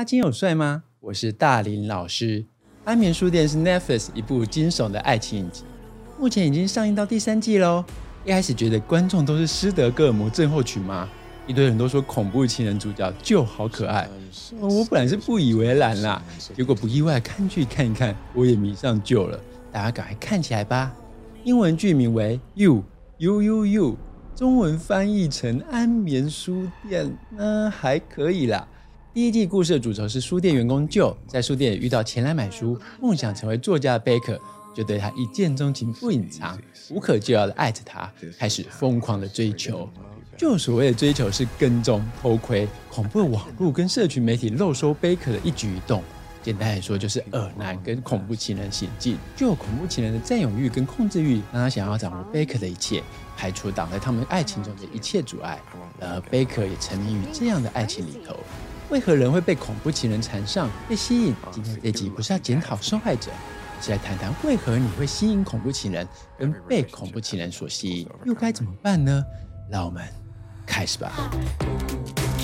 阿、啊、金有帥嗎？我是大林老師。安眠書店是 Netflix 一部驚悚的愛情影集，目前已經上映到第三季嘍。一開始覺得觀眾都是斯德哥爾摩症候群嗎？一堆人都說恐怖情人主角 Joe 好可愛，我本來是不以為然啦，結果不意外，看劇看一看，我也迷上 Joe 了。大家趕快看起來吧。英文劇名為 you, you You You You，中文翻譯成《安眠書店》。嗯，還可以啦。第一季故事的主軸是書店員工 Joe 在書店遇到前來買書、夢想成為作家的 Beck，就對他一見鍾情，不隱藏，無可救藥的愛着他，開始瘋狂的追求。Joe 所謂的追求是跟蹤、偷窺、恐怖的網絡跟社群媒體肉搜 Beck 的一舉一動。簡單來說，就是噁男跟恐怖情人行徑。Joe 恐怖情人的佔有欲跟控制欲，讓他想要掌握 Beck 的一切，排除擋在他們愛情中的一切阻礙。然而 Beck 也沉迷於這樣的愛情裡頭。為何人會被恐怖情人纏上、被吸引？今天這集不是要檢討受害者，而是來談談為何你會吸引恐怖情人，跟被恐怖情人所吸引，又該怎麼辦呢？讓我們開始吧。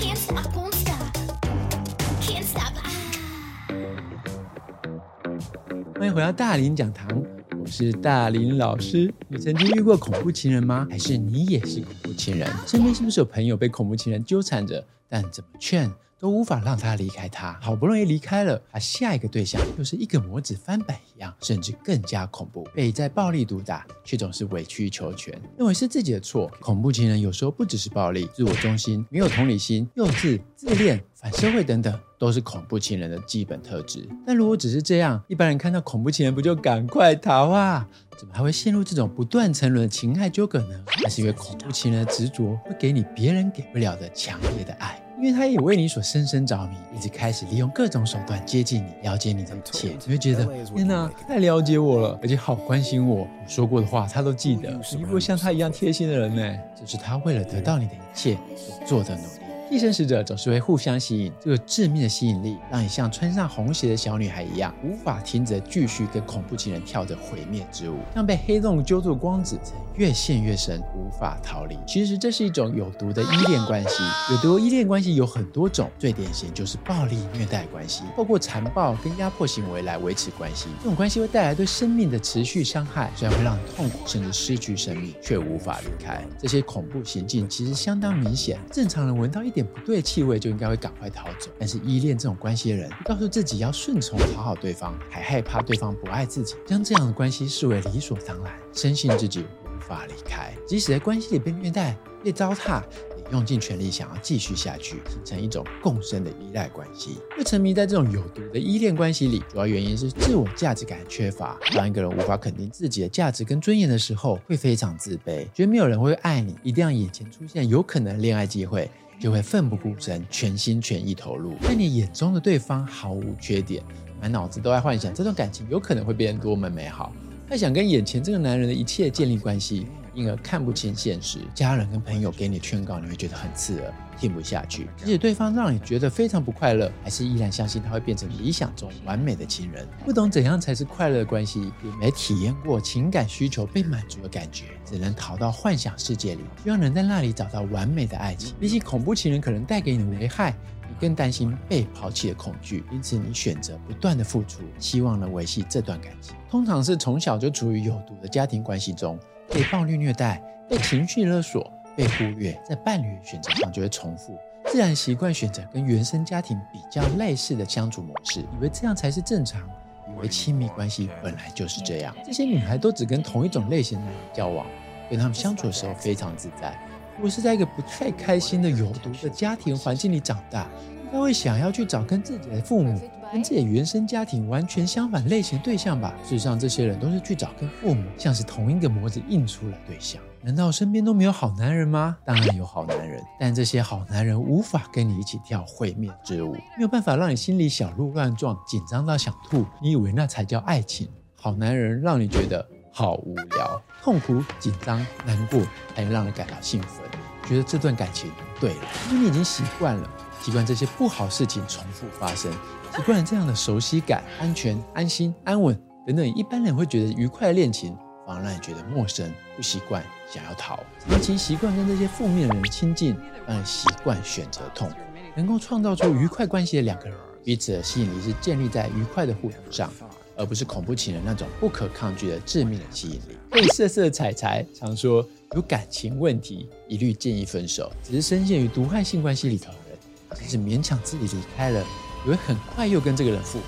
歡迎回到大林講堂，我是大林老師。你曾經遇過恐怖情人嗎？還是你也是恐怖情人？身邊是不是有朋友被恐怖情人糾纏着？但怎麼勸？都無法讓他離開他，好不容易離開了，他下一個對象又是一個模子翻版一樣，甚至更加恐怖。被在暴力毒打，卻總是委曲求全，認為是自己的錯。恐怖情人有時候不只是暴力，自我中心，沒有同理心，幼稚、自戀、反社會等等，都是恐怖情人的基本特質。但如果只是這樣，一般人看到恐怖情人不就趕快逃啊？怎麼還會陷入這種不斷沉淪的情愛糾葛呢？那是因為恐怖情人的執着，會給你別人給不了的強烈的愛。因為他也為你所深深着迷，一直開始利用各種手段接近你，了解你的一切。你會覺得天哪，太了解我了，而且好關心我，我說過的話他都記得。你不像他一樣貼心的人呢？這是他為了得到你的一切所做的努力。替身使者總是會互相吸引，這個致命的吸引力讓你像穿上紅鞋的小女孩一樣，無法停止繼續跟恐怖情人跳着毀滅之舞，像被黑洞揪住光子。越陷越深，無法逃離。其實這是一種有毒的依戀關係。有毒依戀關係有很多種，最典型就是暴力虐待關係，透過殘暴跟壓迫行為來維持關係。這種關係會帶來對生命的持續傷害，雖然會讓痛苦甚至失去生命，卻無法離開。這些恐怖行徑其實相當明顯。正常人聞到一點不對氣味就應該會趕快逃走，但是依戀這種關係的人，告訴自己要順從討好對方，還害怕對方不愛自己，將這樣的關係視為理所當然，深信自己，無法離開，即使在關係裡被虐待，被糟蹋，也用盡全力想要繼續下去，形成一種共生的依賴關係。會沉迷在這種有毒的依戀關係裡，主要原因是自我價值感缺乏。當一個人無法肯定自己的價值跟尊嚴的時候，會非常自卑，覺得沒有人會愛你，一定要眼前出現有可能的戀愛機會，就會奮不顧身，全心全意投入。在你眼中的對方毫無缺點，滿腦子都在幻想這段感情有可能會變得多麼美好。他想跟眼前這個男人的一切建立關係，因而看不清現實。家人跟朋友給你的勸告，你會覺得很刺耳，聽不下去。而且對方讓你覺得非常不快樂，還是依然相信他會變成理想中完美的情人。不懂怎樣才是快樂的關係，也沒體驗過情感需求被滿足的感覺，只能逃到幻想世界裡，希望能在那裡找到完美的愛情。比起恐怖情人可能帶給你的危害，更擔心被拋棄的恐懼，因此你選擇不斷的付出，希望能維繫這段感情。通常是從小就處於有毒的家庭關係中，被暴力虐待、被情緒勒索、被忽略，在伴侶選擇上就會重複，自然習慣選擇跟原生家庭比較類似的相處模式，以為這樣才是正常，以為親密關係本來就是這樣。這些女孩都只跟同一種類型的人交往，跟他們相處的時候非常自在。如果是在一個不太開心的有毒的家庭環境裡長大，應該會想要去找跟自己的父母、跟自己原生家庭完全相反類型對象吧？事實上，這些人都是去找跟父母像是同一個模子印出來的對象。難道身邊都沒有好男人嗎？當然有好男人，但這些好男人無法跟你一起跳會面之舞，沒有辦法讓你心裡小鹿亂撞、緊張到想吐。你以為那才叫愛情？好男人讓你覺得。好無聊，痛苦、緊張、難過，還能讓人感到興奮，覺得這段感情對了。因為你已經習慣了，習慣這些不好事情重複發生，習慣了這樣的熟悉感、安全、安心、安穩等等。一般人會覺得愉快的戀情，反而讓你覺得陌生、不習慣，想要逃。而且習慣跟這些負面的人親近，讓你習慣選擇痛。能夠創造出愉快關係的兩個人，彼此的吸引力是建立在愉快的互動上。而不是恐怖情人那種不可抗拒的致命的吸引力。被色色彩彩常說有感情問題，一律建議分手。只是深陷於毒害性關係裡頭的人，即使勉強自己離開了，也會很快又跟這個人復合，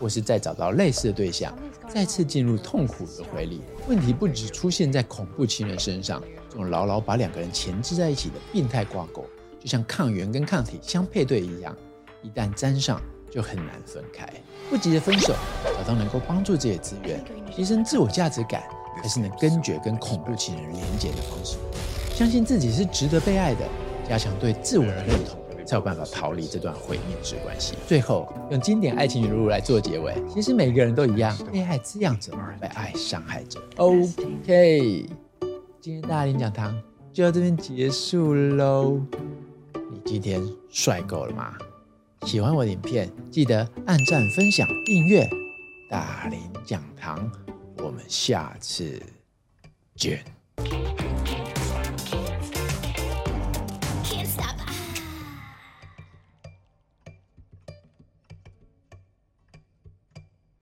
或是再找到類似的對象，再次進入痛苦的回裡。問題不只出現在恐怖情人身上，這種牢牢把兩個人鉗制在一起的病態掛鈎，就像抗原跟抗體相配對一樣，一旦沾上。就很難分開，不急着分手，找到能夠幫助自己的資源，提升自我價值感，還是能根絕跟恐怖情人連接的方式。相信自己是值得被愛的，加強對自我的認同，才有辦法逃離這段毀滅之關係。最後用經典愛情語錄來做結尾：，其實每個人都一樣，被愛滋養着，被愛傷害着。OK，今天大林講堂就到這邊結束嘍。你今天帥夠了嗎？喜歡我的影片，記得按讚、分享、訂閱。大林講堂。我們下次見。